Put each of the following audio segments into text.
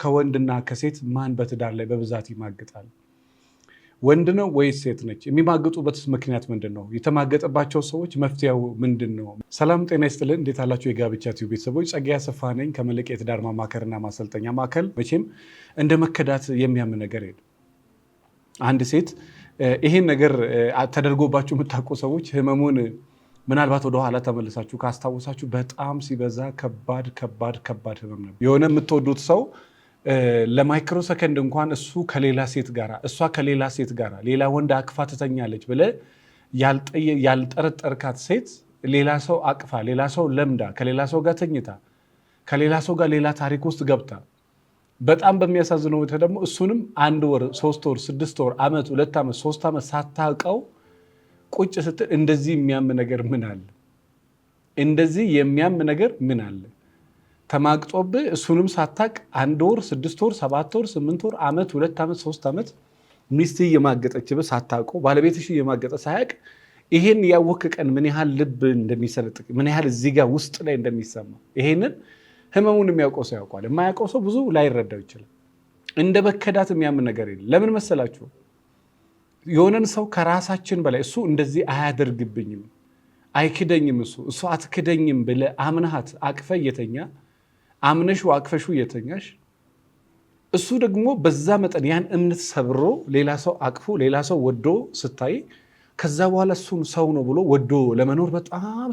ከወንድና ከሴት ማን በትዳር ላይ በብዛት ይማግጣል? ወንድ ነው ወይስ ሴት ነች? የሚማግጡበት ምክንያት ምንድን ነው? የተማገጠባቸው ሰዎች መፍትሄው ምንድን ነው? ሰላም ጤና ይስጥልን። እንዴት አላችሁ? የጋብቻ ቲዩብ ቤተሰቦች ጸጋዬ አሰፋ ነኝ ከመልሕቅ የትዳር ማማከርና ማሰልጠኛ ማዕከል። መቼም እንደ መከዳት የሚያም ነገር የለም። አንድ ሴት ይሄን ነገር ተደርጎባችሁ የምታውቁ ሰዎች ህመሙን ምናልባት ወደ ኋላ ተመልሳችሁ ካስታወሳችሁ በጣም ሲበዛ ከባድ ከባድ ከባድ ህመም ነው። የሆነ የምትወዱት ሰው ለማይክሮ ሰከንድ እንኳን እሱ ከሌላ ሴት ጋር እሷ ከሌላ ሴት ጋር ሌላ ወንድ አቅፋ ትተኛለች ብለ ያልጠረጠርካት ሴት ሌላ ሰው አቅፋ ሌላ ሰው ለምዳ ከሌላ ሰው ጋር ተኝታ ከሌላ ሰው ጋር ሌላ ታሪክ ውስጥ ገብታ በጣም በሚያሳዝነው ሁኔታ ደግሞ እሱንም አንድ ወር፣ ሶስት ወር፣ ስድስት ወር፣ ዓመት፣ ሁለት ዓመት፣ ሶስት ዓመት ሳታውቀው ቁጭ ስትል እንደዚህ የሚያም ነገር ምን አለ? እንደዚህ የሚያም ነገር ምን አለ? ተማቅጦብህ እሱንም ሳታቅ አንድ ወር፣ ስድስት ወር፣ ሰባት ወር፣ ስምንት ወር፣ ዓመት፣ ሁለት ዓመት፣ ሶስት ዓመት ሚስት እየማገጠችብህ ሳታውቀው ባለቤትሽ እየማገጠ ሳያቅ ይሄን ያወክ ቀን ምን ያህል ልብ እንደሚሰለጥቅ ምን ያህል እዚህ ጋር ውስጥ ላይ እንደሚሰማ ይሄንን ህመሙን የሚያውቀው ሰው ያውቀዋል። የማያውቀው ሰው ብዙ ላይረዳው ይችላል። እንደ በከዳት የሚያምን ነገር የለም። ለምን መሰላችሁ? የሆነን ሰው ከራሳችን በላይ እሱ እንደዚህ አያደርግብኝም፣ አይክደኝም፣ እሱ እሱ አትክደኝም ብለህ አምናሃት አቅፈ እየተኛ አምነሹ አቅፈሹ እየተኛሽ እሱ ደግሞ በዛ መጠን ያን እምነት ሰብሮ ሌላ ሰው አቅፎ ሌላ ሰው ወዶ ስታይ ከዛ በኋላ እሱን ሰው ነው ብሎ ወዶ ለመኖር በጣም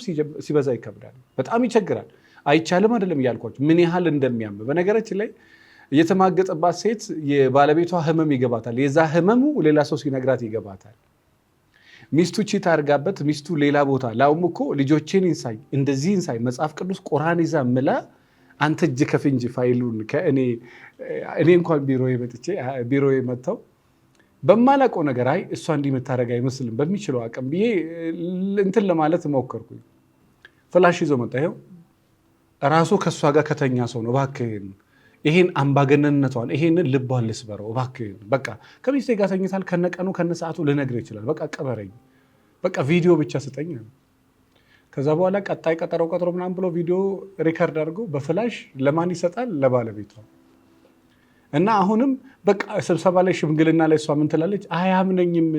ሲበዛ ይከብዳል፣ በጣም ይቸግራል። አይቻልም አይደለም እያልኳቸው ምን ያህል እንደሚያም በነገራችን ላይ የተማገጠባት ሴት የባለቤቷ ህመም ይገባታል። የዛ ህመሙ ሌላ ሰው ሲነግራት ይገባታል። ሚስቱ ቺት አድርጋበት ሚስቱ ሌላ ቦታ ላውም እኮ ልጆቼን ይንሳኝ እንደዚህ ይንሳኝ መጽሐፍ ቅዱስ ቁርአን ይዛ ምላ አንተ እጅ ከፍንጅ ፋይሉን ከእኔ እኔ እንኳን ቢሮ መጥቼ መጥተው በማላውቀው ነገር አይ እሷ እንዲህ የምታደርግ አይመስልም በሚችለው አቅም ብዬ እንትን ለማለት ሞከርኩኝ። ፍላሽ ይዞ መጣ። ይኸው ራሱ ከእሷ ጋር ከተኛ ሰው ነው። እባክህን ይሄን አምባገነንነቷን ይሄን ልቧን ልስበረው እባክህን። በቃ ከሚስቴ ጋር ተኝታል፣ ከነቀኑ ከነሰዓቱ ልነግር ይችላል። በቃ ቅበረኝ፣ በቃ ቪዲዮ ብቻ ስጠኝ። ከዛ በኋላ ቀጣይ ቀጠሮ ቀጥሮ ምናምን ብሎ ቪዲዮ ሪከርድ አድርጎ በፍላሽ ለማን ይሰጣል? ለባለቤቷ እና አሁንም በቃ ስብሰባ ላይ ሽምግልና ላይ እሷ ምን ትላለች? አያምነኝም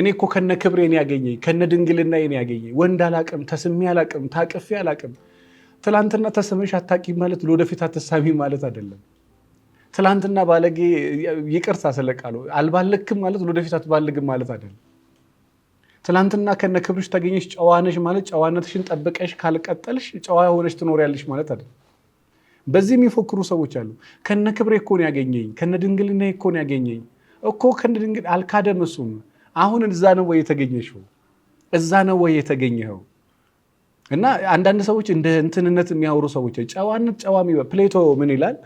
እኔ እኮ ከነ ክብሬን ያገኘኝ ከነ ድንግልና ኔ ያገኘኝ ወንድ አላቅም፣ ተስሜ አላቅም፣ ታቅፌ አላቅም። ትላንትና ተስመሽ አታቂ ማለት ለወደፊት አትሳሚ ማለት አይደለም። ትላንትና ባለጌ ይቅርታ ስለቃሉ አልባለክም ማለት ለወደፊት አትባልግም ማለት አይደለም። ትላንትና ከነ ክብርሽ ተገኘሽ ጨዋነሽ ማለት ጨዋነትሽን ጠብቀሽ ካልቀጠልሽ ጨዋ ሆነሽ ትኖሪያለሽ ማለት አይደል። በዚህ የሚፎክሩ ሰዎች አሉ። ከነ ክብሬ እኮ ነው ያገኘኝ፣ ከነ ድንግልና እኮ ነው ያገኘኝ እኮ ከነ ድንግል አልካደም። እሱም አሁን እዛ ነው ወይ የተገኘሽው? እዛ ነው ወይ የተገኘኸው? እና አንዳንድ ሰዎች እንደ እንትንነት የሚያወሩ ሰዎች ጨዋነት ጨዋ ፕሌቶ ምን ይላል?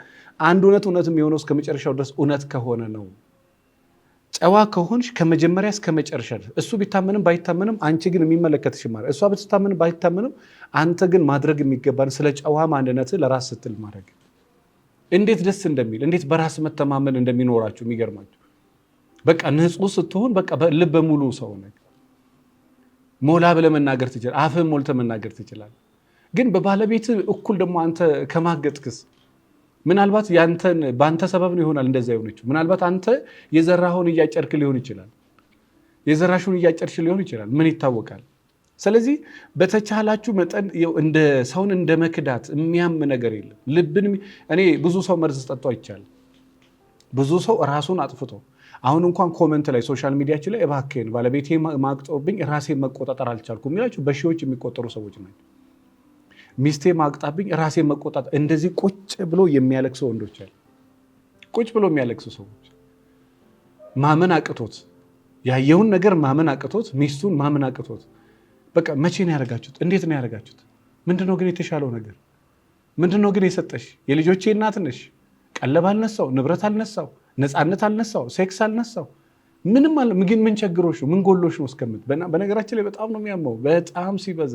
አንድ እውነት እውነት የሚሆነው እስከ መጨረሻው ድረስ እውነት ከሆነ ነው። ጨዋ ከሆንሽ ከመጀመሪያ እስከ መጨረሻ ድረስ እሱ ቢታመንም ባይታመንም አንቺ ግን የሚመለከትሽ ማድረግ እሷ ብትታመንም ባይታመንም አንተ ግን ማድረግ የሚገባን ስለ ጨዋ ማንነት ለራስ ስትል ማድረግ እንዴት ደስ እንደሚል እንዴት በራስ መተማመን እንደሚኖራችሁ የሚገርማችሁ። በቃ ንጹህ ስትሆን በቃ ልበ ሙሉ ሰው ነህ። ሞላ ብለህ መናገር ትችላለህ። አፍህን ሞልተህ መናገር ትችላለህ። ግን በባለቤት እኩል ደግሞ አንተ ከማገጥክስ ምናልባት በአንተ ሰበብ ነው ይሆናል እንደዛ የሆነችው። ምናልባት አንተ የዘራኸውን እያጨርክ ሊሆን ይችላል፣ የዘራሽውን እያጨርሽ ሊሆን ይችላል። ምን ይታወቃል? ስለዚህ በተቻላችሁ መጠን እንደ ሰውን እንደ መክዳት የሚያም ነገር የለም። ልብን እኔ ብዙ ሰው መርዝ ጠጥቶ አይቻልም። ብዙ ሰው ራሱን አጥፍቶ አሁን እንኳን ኮመንት ላይ ሶሻል ሚዲያችን ላይ እባክህን ባለቤቴ ማቅጠውብኝ ራሴን መቆጣጠር አልቻልኩም የሚላቸው በሺዎች የሚቆጠሩ ሰዎች ናቸው። ሚስቴ ማቅጣብኝ ራሴ መቆጣት። እንደዚህ ቁጭ ብሎ የሚያለቅሱ ወንዶች አሉ። ቁጭ ብሎ የሚያለቅሰው ሰዎች ማመን አቅቶት ያየውን ነገር ማመን አቅቶት ሚስቱን ማመን አቅቶት በቃ መቼ ነው ያደረጋችሁት? እንዴት ነው ያደረጋችሁት? ምንድነው ግን የተሻለው ነገር ምንድነው ግን የሰጠሽ? የልጆቼ እናት ነሽ። ቀለብ አልነሳው፣ ንብረት አልነሳው፣ ነፃነት አልነሳው፣ ሴክስ አልነሳው፣ ምንም አለ። ምን ቸግሮሽ ነው? ምን ጎሎሽ ነው እስከምት በነገራችን ላይ በጣም ነው የሚያመው፣ በጣም ሲበዛ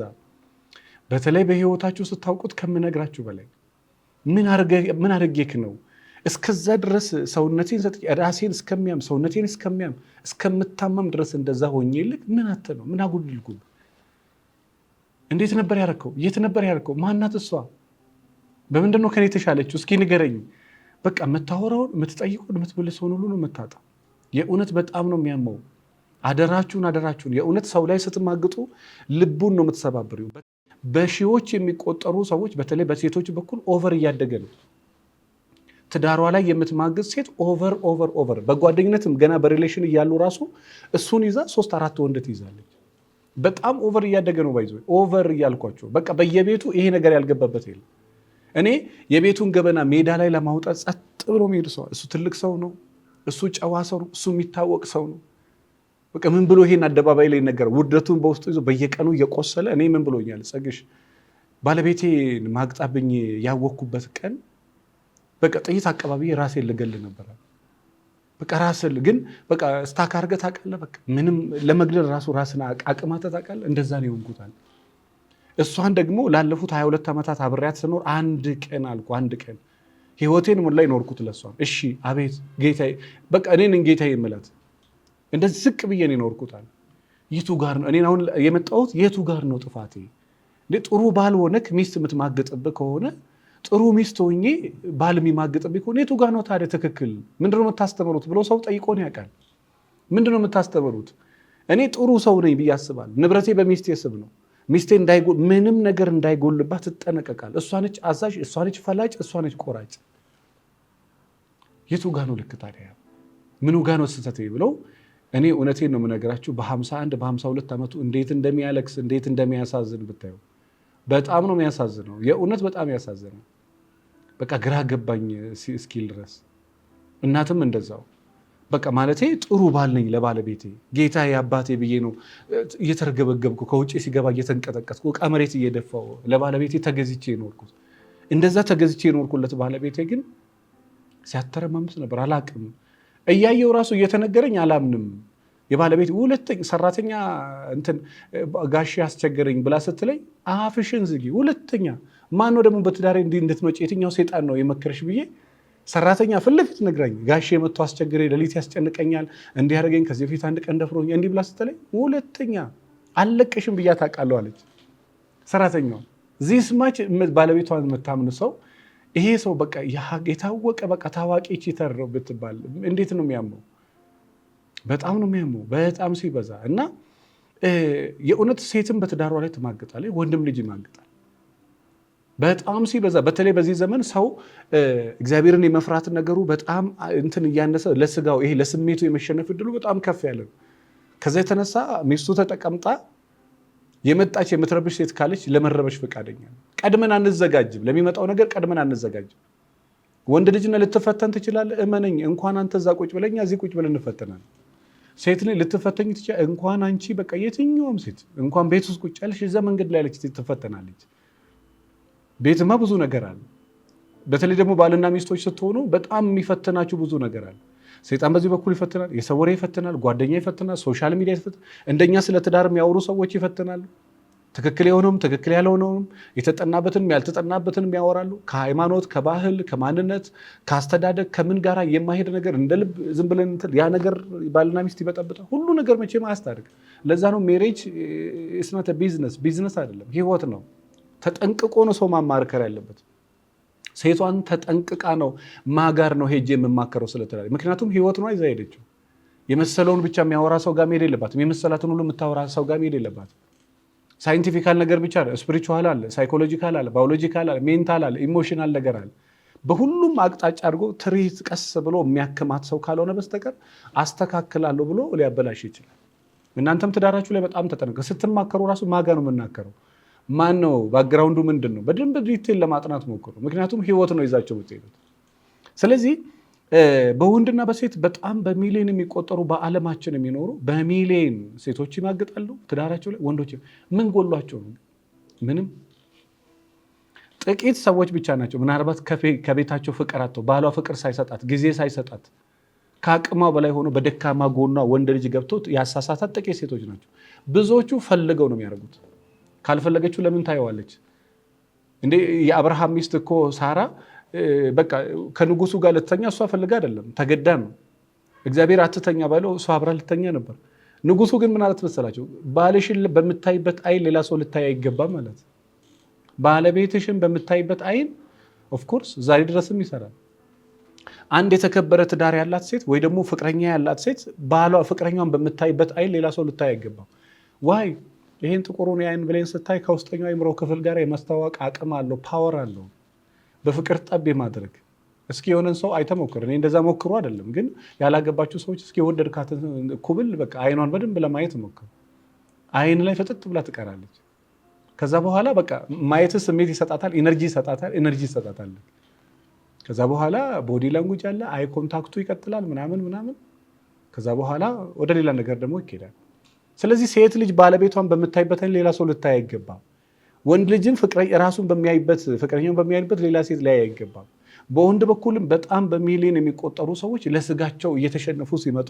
በተለይ በህይወታችሁ ስታውቁት ከምነግራችሁ በላይ ምን አድርጌክ ነው እስከዛ ድረስ ሰውነቴን ራሴን እስከሚያም ሰውነቴን እስከሚያም እስከምታመም ድረስ እንደዛ ልክ ምን አተ ነው ምን አጉልልኩ እንዴት ነበር ያደረከው የት ነበር ያደረከው ማናት እሷ በምንድን ነው ከኔ የተሻለችው እስኪ ንገረኝ በቃ የምታወራውን የምትጠይቁን የምትመልሰውን ሁሉ ነው የምታጣው የእውነት በጣም ነው የሚያመው አደራችሁን አደራችሁን የእውነት ሰው ላይ ስትማግጡ ልቡን ነው የምትሰባብሪው በሺዎች የሚቆጠሩ ሰዎች በተለይ በሴቶች በኩል ኦቨር እያደገ ነው። ትዳሯ ላይ የምትማግዝ ሴት ኦቨር ኦቨር ኦቨር፣ በጓደኝነትም ገና በሪሌሽን እያሉ ራሱ እሱን ይዛ ሶስት አራት ወንድ ትይዛለች። በጣም ኦቨር እያደገ ነው። ባይዞ ኦቨር እያልኳቸው በቃ በየቤቱ ይሄ ነገር ያልገባበት የለም። እኔ የቤቱን ገበና ሜዳ ላይ ለማውጣት ጸጥ ብሎ የሚሄድ ሰው እሱ ትልቅ ሰው ነው፣ እሱ ጨዋ ሰው ነው፣ እሱ የሚታወቅ ሰው ነው በቃ ምን ብሎ ይሄን አደባባይ ላይ ነገር ውርደቱን በውስጡ ይዞ በየቀኑ እየቆሰለ እኔ ምን ብሎኛል ጸግሽ ባለቤቴ ማግጣብኝ ያወቅኩበት ቀን በቃ ጥይት አቀባቢ ራሴን ልገል ነበረ። በቃ ራስን ግን በቃ ስታክ አድርገህ ታውቃለህ። በቃ ምንም ለመግደል ራሱ ራስን አቅማተ ታውቃለህ። እንደዛ ነው የሆንኩታል። እሷን ደግሞ ላለፉት ሀያ ሁለት ዓመታት አብሬያት ስኖር አንድ ቀን አልኩ አንድ ቀን ህይወቴን ሞላ ይኖርኩት ለሷ። እሺ አቤት ጌታዬ፣ በቃ እኔን ጌታዬ የምላት እንደዚህ ዝቅ ብዬ ይኖርኩታል። የኖርኩታል። የቱ ጋር ነው እኔን አሁን የመጣሁት የቱ ጋር ነው ጥፋቴ? ጥሩ ባል ሆነክ ሚስት የምትማገጥብህ ከሆነ ጥሩ ሚስት ሆኜ ባል የሚማገጥብህ ከሆነ የቱ ጋር ነው ታዲያ ትክክል? ምንድነው የምታስተምሩት ብሎ ሰው ጠይቆን ያውቃል። ምንድነው የምታስተምሩት? እኔ ጥሩ ሰው ነኝ ብዬ አስባል ንብረቴ በሚስቴ ስም ነው። ሚስቴ ምንም ነገር እንዳይጎልባት ትጠነቀቃል። እሷ ነች አዛዥ፣ እሷ ነች ፈላጭ፣ እሷ ነች ቆራጭ። የቱ ጋ ነው ልክ ታዲያ? ምኑ ጋ ነው ስህተቴ ብለው እኔ እውነቴን ነው የምነግራችሁ በ51 በ52 ዓመቱ እንዴት እንደሚያለቅስ እንዴት እንደሚያሳዝን ብታዩ በጣም ነው የሚያሳዝነው። የእውነት በጣም ያሳዝነው። በቃ ግራ ገባኝ እስኪል ድረስ እናትም እንደዛው በቃ ማለቴ ጥሩ ባል ነኝ ለባለቤቴ ጌታ የአባቴ ብዬ ነው እየተረገበገብኩ ከውጭ ሲገባ እየተንቀጠቀጥኩ ዕቃ መሬት እየደፋው ለባለቤቴ ተገዝቼ የኖርኩት እንደዛ ተገዝቼ የኖርኩለት ባለቤቴ ግን ሲያተረማምስ ነበር። አላቅም እያየው ራሱ እየተነገረኝ አላምንም። የባለቤት ሁለተኛ ሰራተኛ እንትን ጋሽ አስቸገረኝ ብላ ስትለኝ አፍሽን ዝጊ። ሁለተኛ ማን ነው ደግሞ በትዳሬ እንዲህ እንድትመጪ የትኛው ሴጣን ነው የመከረሽ ብዬ ሰራተኛ ፊት ለፊት ነግራኝ ጋሼ መጥቶ አስቸግሬ ሌሊት ያስጨንቀኛል እንዲህ ያደረገኝ ከዚህ በፊት አንድ ቀን ደፍሮኝ እንዲህ ብላ ስትለኝ ሁለተኛ አልለቅሽም ብያ ታውቃለሁ አለች ሰራተኛዋ። ዚስ ማች ባለቤቷን የምታምን ሰው ይሄ ሰው በቃ የታወቀ በቃ ታዋቂ ቺተር ነው ብትባል እንዴት ነው የሚያመው በጣም ነው የሚያመው በጣም ሲበዛ እና የእውነት ሴትም በትዳሯ ላይ ትማግጣለች፣ ወንድም ልጅ ይማግጣል። በጣም ሲበዛ በተለይ በዚህ ዘመን ሰው እግዚአብሔርን የመፍራት ነገሩ በጣም እንትን እያነሰ ለስጋው ይሄ ለስሜቱ የመሸነፍ እድሉ በጣም ከፍ ያለ ነው። ከዛ የተነሳ ሚስቱ ተጠቀምጣ የመጣች የምትረብሽ ሴት ካለች ለመረበሽ ፈቃደኛ ነው። ቀድመን አንዘጋጅም፣ ለሚመጣው ነገር ቀድመን አንዘጋጅም። ወንድ ልጅነ ልትፈተን ትችላለህ። እመነኝ፣ እንኳን አንተ እዛ ቁጭ ብለህ እኛ እዚህ ቁጭ ብለን እንፈተናል። ሴት ልጅ ልትፈተኝ ትችላለህ። እንኳን አንቺ በቃ የትኛውም ሴት እንኳን ቤት ውስጥ ቁጭ ያለች እዛ መንገድ ላይ ያለች ትፈተናለች። ቤትማ ብዙ ነገር አለ። በተለይ ደግሞ ባልና ሚስቶች ስትሆኑ በጣም የሚፈትናችሁ ብዙ ነገር አለ። ሰይጣን በዚህ በኩል ይፈትናል፣ የሰው ወሬ ይፈትናል፣ ጓደኛ ይፈትናል፣ ሶሻል ሚዲያ ይፈትናል፣ እንደኛ ስለ ትዳር የሚያወሩ ሰዎች ይፈትናሉ። ትክክል የሆነውም ትክክል ያልሆነውም የተጠናበትንም ያልተጠናበትንም ያወራሉ። ከሃይማኖት፣ ከባህል፣ ከማንነት፣ ከአስተዳደግ ከምን ጋራ የማሄድ ነገር እንደ ልብ ዝም ብለን ያ ነገር ባልና ሚስት ይበጠብጣል። ሁሉ ነገር መቼም አያስታርቅ። ለዛ ነው ሜሬጅ ስናተ ቢዝነስ ቢዝነስ አይደለም፣ ህይወት ነው። ተጠንቅቆ ነው ሰው ማማርከር ያለበት። ሴቷን ተጠንቅቃ ነው ማጋር ነው ሄጄ የምማከረው ስለተላለ ምክንያቱም ህይወት ነው ይዛ ሄደችው። የመሰለውን ብቻ የሚያወራ ሰው ጋር መሄድ የለባትም። የመሰላትን ሁሉ የምታወራ ሰው ጋር መሄድ የለባትም። ሳይንቲፊካል ነገር ብቻ አለ፣ ስፒሪቹዋል አለ፣ ሳይኮሎጂካል አለ፣ ባዮሎጂካል አለ፣ ሜንታል አለ፣ ኢሞሽናል ነገር አለ። በሁሉም አቅጣጫ አድርጎ ትሪት ቀስ ብሎ የሚያክማት ሰው ካልሆነ በስተቀር አስተካክላለሁ ብሎ ሊያበላሽ ይችላል። እናንተም ትዳራችሁ ላይ በጣም ተጠንቀቁ። ስትማከሩ ራሱ ማጋ ነው የምናከረው ማን ነው፣ ባክግራውንዱ ምንድን ነው፣ በደንብ ዲቴል ለማጥናት ሞክሩ። ምክንያቱም ህይወት ነው ይዛቸው ምትሄዱት። ስለዚህ በወንድና በሴት በጣም በሚሊዮን የሚቆጠሩ በዓለማችን የሚኖሩ በሚሊዮን ሴቶች ይማግጣሉ ትዳራቸው ላይ። ወንዶች ምን ጎሏቸው ነው? ምንም። ጥቂት ሰዎች ብቻ ናቸው ምናልባት ከቤታቸው ፍቅር አጥተው ባሏ ፍቅር ሳይሰጣት ጊዜ ሳይሰጣት ከአቅሟ በላይ ሆኖ በደካማ ጎኗ ወንድ ልጅ ገብቶ ያሳሳታት ጥቂት ሴቶች ናቸው። ብዙዎቹ ፈልገው ነው የሚያደርጉት። ካልፈለገችው ለምን ታየዋለች እንዴ? የአብርሃም ሚስት እኮ ሳራ በቃ ከንጉሱ ጋር ልትተኛ እሷ ፈልጋ አይደለም ተገዳ ነው። እግዚአብሔር አትተኛ ባለው እሷ አብራ ልተኛ ነበር። ንጉሱ ግን ምን አለት መሰላቸው? ባልሽን በምታይበት አይን ሌላ ሰው ልታይ አይገባም ማለት ባለቤትሽን በምታይበት አይን ኦፍኮርስ ዛሬ ድረስም ይሰራል። አንድ የተከበረ ትዳር ያላት ሴት ወይ ደግሞ ፍቅረኛ ያላት ሴት ባሏ ፍቅረኛዋን በምታይበት አይን ሌላ ሰው ልታይ አይገባም ዋይ ይህን ጥቁሩን የአይን ብሌን ስታይ ከውስጠኛው የአእምሮ ክፍል ጋር የመስታወቅ አቅም አለው፣ ፓወር አለው። በፍቅር ጠብ የማድረግ እስኪ የሆነን ሰው አይተሞክር እኔ እንደዛ ሞክሩ አይደለም ግን ያላገባችሁ ሰዎች እስኪ የወደድካትን ኩብል በቃ አይኗን በደንብ ለማየት ሞክር። አይን ላይ ፍጥጥ ብላ ትቀራለች። ከዛ በኋላ በቃ ማየት ስሜት ይሰጣታል፣ ኢነርጂ ይሰጣታል፣ ኢነርጂ ይሰጣታል። ከዛ በኋላ ቦዲ ላንጉጅ አለ፣ አይ ኮንታክቱ ይቀጥላል ምናምን ምናምን። ከዛ በኋላ ወደ ሌላ ነገር ደግሞ ይኬዳል። ስለዚህ ሴት ልጅ ባለቤቷን በምታይበት ሌላ ሰው ልታይ አይገባም። ወንድ ልጅም ራሱን በሚያይበት ፍቅረኛውን በሚያይበት ሌላ ሴት ላይ አይገባም። በወንድ በኩልም በጣም በሚሊዮን የሚቆጠሩ ሰዎች ለስጋቸው እየተሸነፉ ሲመጡ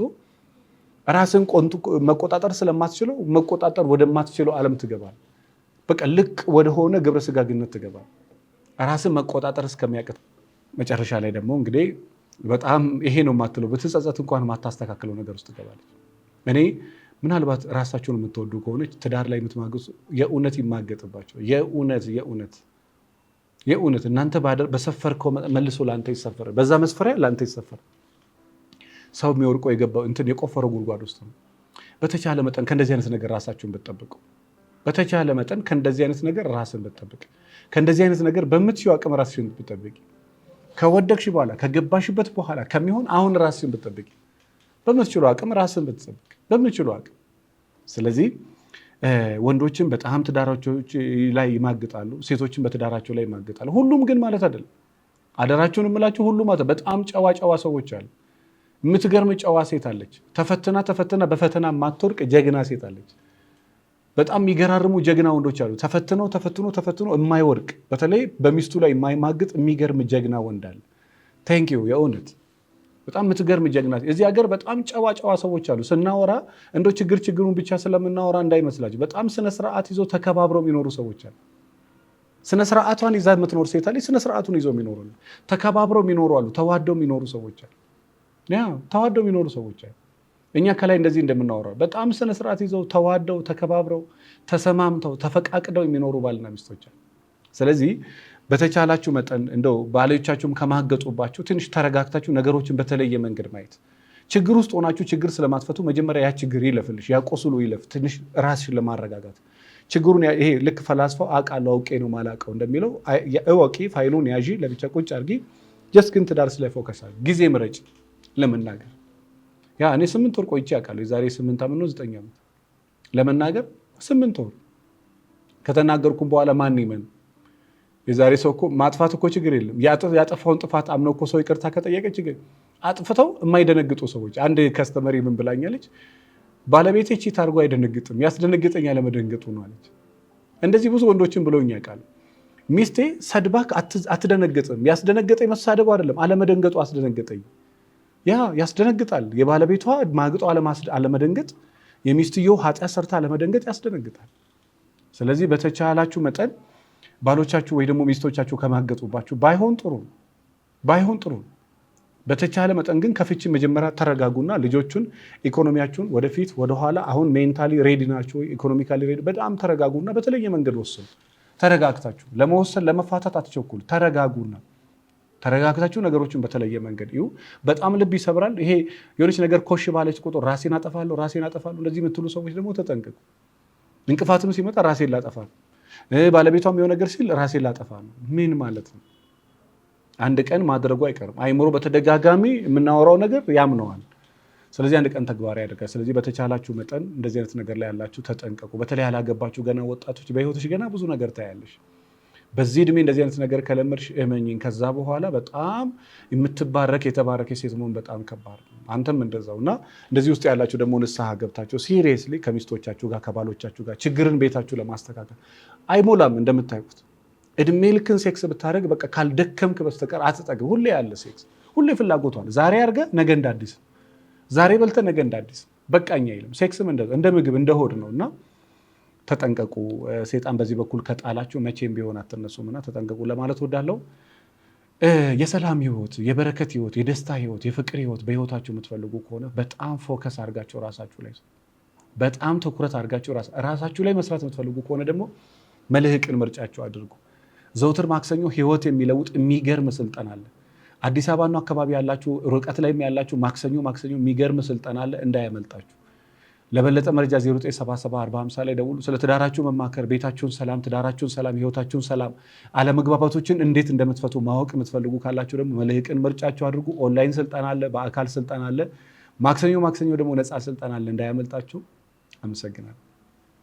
ራስን መቆጣጠር ስለማትችለው መቆጣጠር ወደማትችለው ዓለም ትገባል። በቃ ልቅ ወደሆነ ግብረ ስጋግነት ትገባል። ራስን መቆጣጠር እስከሚያቅት መጨረሻ ላይ ደግሞ እንግዲህ በጣም ይሄ ነው የማትለው ብትጸጸት እንኳን ማታስተካክለው ነገር ውስጥ ትገባለች። እኔ ምናልባት ራሳቸውን የምትወዱ ከሆነች ትዳር ላይ የምትማገጡ የእውነት ይማገጥባቸው። የእውነት የእውነት የእውነት እናንተ በሰፈርከው መልሶ ለአንተ ይሰፈረ፣ በዛ መስፈሪያ ለአንተ ይሰፈረ። ሰው የሚወድቀው የገባው እንትን የቆፈረው ጉድጓድ ውስጥ ነው። በተቻለ መጠን ከእንደዚህ አይነት ነገር ራሳችሁን ብትጠብቁ፣ በተቻለ መጠን ከእንደዚህ አይነት ነገር ራስን ብትጠብቅ፣ ከእንደዚህ አይነት ነገር በምትችይው አቅም ራስሽን ብትጠብቂ፣ ከወደቅሽ በኋላ ከገባሽበት በኋላ ከሚሆን አሁን ራስሽን ብትጠብቂ በምትችሉ አቅም ራስን ብትጠብቅ በምትችሉ አቅም። ስለዚህ ወንዶችን በጣም ትዳራቸው ላይ ይማግጣሉ፣ ሴቶችን በትዳራቸው ላይ ይማግጣሉ። ሁሉም ግን ማለት አይደለም። አደራችሁን የምላችሁ ማለት በጣም ጨዋ ጨዋ ሰዎች አሉ። የምትገርም ጨዋ ሴት አለች። ተፈትና ተፈትና በፈተና ማትወርቅ ጀግና ሴት አለች። በጣም የሚገራርሙ ጀግና ወንዶች አሉ። ተፈትነው ተፈትኖ ተፈትኖ የማይወርቅ በተለይ በሚስቱ ላይ የማይማግጥ የሚገርም ጀግና ወንድ አለ። ታንኪዩ የእውነት በጣም የምትገርም ጀግና እዚህ ሀገር በጣም ጨዋ ጨዋ ሰዎች አሉ። ስናወራ እንደ ችግር ችግሩን ብቻ ስለምናወራ እንዳይመስላችሁ። በጣም ስነስርዓት ይዘው ተከባብረው የሚኖሩ ሰዎች አሉ። ስነስርዓቷን ይዛ የምትኖር ሴት አለች። ስነስርዓቱን ይዘው የሚኖሩ ተከባብረው የሚኖሩ አሉ። ተዋደው የሚኖሩ ሰዎች አሉ። ተዋደው የሚኖሩ ሰዎች አሉ። እኛ ከላይ እንደዚህ እንደምናወራው በጣም ስነስርዓት ይዘው ተዋደው ተከባብረው ተሰማምተው ተፈቃቅደው የሚኖሩ ባልና ሚስቶች አሉ። ስለዚህ በተቻላችሁ መጠን እንደው ባሎቻችሁም ከማገጡባችሁ ትንሽ ተረጋግታችሁ ነገሮችን በተለየ መንገድ ማየት ችግር ውስጥ ሆናችሁ ችግር ስለማትፈቱ መጀመሪያ ያ ችግር ይለፍልሽ፣ ያ ቁስሉ ይለፍ። ትንሽ ራስሽን ለማረጋጋት ችግሩን ይሄ ልክ ፈላስፋው አውቃለሁ አውቄ ነው ማላውቀው እንደሚለው እወቂ፣ ፋይሉን ያዢ፣ ለብቻ ቁጭ አድርጊ። ጀስት ግን ትዳርሽ ላይ ፎከስ አድርጊ፣ ጊዜ ምረጭ ለመናገር። ያ እኔ ስምንት ወር ቆይቼ አውቃለሁ። የዛሬ ስምንት ዓመት ነው ዘጠኝ ዓመት ለመናገር ስምንት ወር ከተናገርኩም በኋላ ማን ይመን የዛሬ ሰው እኮ ማጥፋት እኮ ችግር የለም። ያጠፋውን ጥፋት አምኖ እኮ ሰው ይቅርታ ከጠየቀ ችግር አጥፍተው የማይደነግጡ ሰዎች። አንድ ከስተመሪ ምን ብላኛለች፣ ባለቤቴ ቺት አድርጎ አይደነግጥም፣ ያስደነግጠኛ ለመደንገጡ ነው አለች። እንደዚህ ብዙ ወንዶችን ብለውኝ ያውቃል። ሚስቴ ሰድባክ አትደነግጥም፣ ያስደነገጠኝ መሳደቡ አይደለም አለመደንገጡ አስደነገጠኝ። ያ ያስደነግጣል። የባለቤቷ ማግጦ አለመደንገጥ፣ የሚስትየው ኃጢአት ሰርታ አለመደንገጥ ያስደነግጣል። ስለዚህ በተቻላችሁ መጠን ባሎቻችሁ ወይ ደግሞ ሚስቶቻችሁ ከማገጡባችሁ ባይሆን ጥሩ ባይሆን ጥሩ። በተቻለ መጠን ግን ከፍቺ መጀመሪያ ተረጋጉና ልጆቹን ኢኮኖሚያችሁን ወደፊት ወደኋላ፣ አሁን ሜንታሊ ሬዲ ናቸው ኢኮኖሚካሊ ሬዲ፣ በጣም ተረጋጉና በተለየ መንገድ ወስኑ። ተረጋግታችሁ ለመወሰን ለመፋታት አትቸኩል። ተረጋጉና ተረጋግታችሁ ነገሮችን በተለየ መንገድ ይሁ። በጣም ልብ ይሰብራል ይሄ የሆነች ነገር ኮሽ ባለች ቁጥር ራሴን አጠፋለሁ ራሴን አጠፋለሁ እንደዚህ የምትሉ ሰዎች ደግሞ ተጠንቅቁ። እንቅፋትም ሲመጣ ራሴን ላጠፋለሁ ባለቤቷም የሆነ ነገር ሲል ራሴ ላጠፋ ነው። ምን ማለት ነው? አንድ ቀን ማድረጉ አይቀርም። አይምሮ በተደጋጋሚ የምናወራው ነገር ያምነዋል። ስለዚህ አንድ ቀን ተግባራዊ ያደርጋል። ስለዚህ በተቻላችሁ መጠን እንደዚህ አይነት ነገር ላይ ያላችሁ ተጠንቀቁ። በተለይ ያላገባችሁ ገና ወጣቶች፣ በህይወቶች ገና ብዙ ነገር ታያለሽ። በዚህ እድሜ እንደዚህ አይነት ነገር ከለመድሽ እመኝን፣ ከዛ በኋላ በጣም የምትባረክ የተባረከ ሴት መሆን በጣም ከባድ ነው። አንተም እንደዛው እና እንደዚህ ውስጥ ያላችሁ ደግሞ ንስሐ ገብታችሁ ሲሪየስሊ ከሚስቶቻችሁ ጋር ከባሎቻችሁ ጋር ችግርን ቤታችሁ ለማስተካከል አይሞላም። እንደምታይቁት እድሜ ልክን ሴክስ ብታደረግ በቃ ካልደከምክ በስተቀር አትጠግብ። ሁሌ ያለ ሴክስ ሁሌ ፍላጎቷ ዛሬ አድርገ ነገ እንዳዲስ፣ ዛሬ በልተ ነገ እንዳዲስ በቃኛ የለም። ሴክስም እንደ ምግብ እንደ ሆድ ነው እና ተጠንቀቁ፣ ሴጣን በዚህ በኩል ከጣላችሁ መቼም ቢሆን አትነሱምና ተጠንቀቁ ለማለት ወዳለው የሰላም ህይወት፣ የበረከት ህይወት፣ የደስታ ህይወት፣ የፍቅር ህይወት በህይወታችሁ የምትፈልጉ ከሆነ በጣም ፎከስ አድርጋችሁ ራሳችሁ ላይ በጣም ትኩረት አድርጋችሁ ራሳችሁ ላይ መስራት የምትፈልጉ ከሆነ ደግሞ መልህቅን ምርጫችሁ አድርጉ። ዘውትር ማክሰኞ ህይወት የሚለውጥ የሚገርም ስልጠና አለ። አዲስ አበባና አካባቢ ያላችሁ ርቀት ላይም ያላችሁ ማክሰኞ ማክሰኞ የሚገርም ስልጠና አለ፣ እንዳያመልጣችሁ። ለበለጠ መረጃ 09774050 ላይ ደውሉ። ስለ ትዳራችሁ መማከር፣ ቤታችሁን ሰላም፣ ትዳራችሁን ሰላም፣ ህይወታችሁን ሰላም፣ አለመግባባቶችን እንዴት እንደምትፈቱ ማወቅ የምትፈልጉ ካላችሁ ደግሞ መልህቅን ምርጫችሁ አድርጉ። ኦንላይን ስልጠና አለ፣ በአካል ስልጠና አለ። ማክሰኞ ማክሰኞ ደግሞ ነፃ ስልጠና አለ፣ እንዳያመልጣችሁ። አመሰግናለሁ።